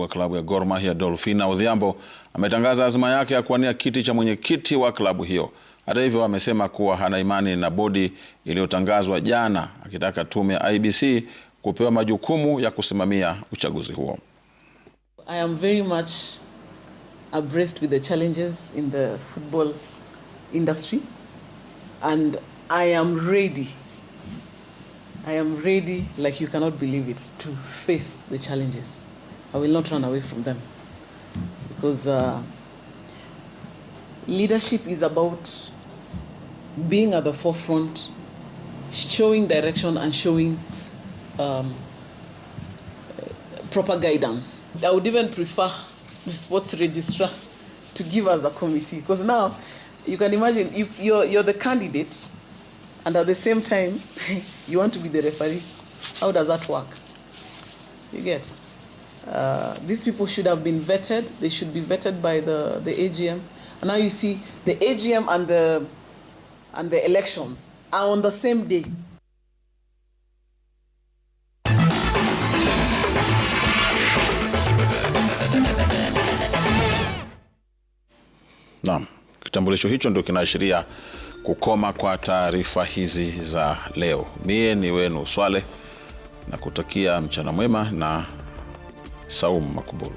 wa klabu ya Gor Mahia Dolphina Odhiambo ametangaza azma yake ya kuwania kiti cha mwenyekiti wa klabu hiyo. Hata hivyo, amesema kuwa hana imani na bodi iliyotangazwa jana, akitaka tume ya IEBC kupewa majukumu ya kusimamia uchaguzi huo. I am very much abreast with the challenges in the football industry and I am ready I am ready like you cannot believe it to face the challenges I will not run away from them because uh, leadership is about being at the forefront, showing direction, and showing um, proper guidance. I would even prefer the sports registrar to give us a committee because now you can imagine you, you're, you're the candidate and at the same time you want to be the referee. How does that work? You get? Uh, these people should have been vetted. They should be vetted by the, the AGM. And now you see the AGM and the, and the elections are on the same day. Naam, kitambulisho hicho ndio kinaashiria kukoma kwa taarifa hizi za leo. Mie ni wenu Swale na kutakia mchana mwema na Saumu Makbul.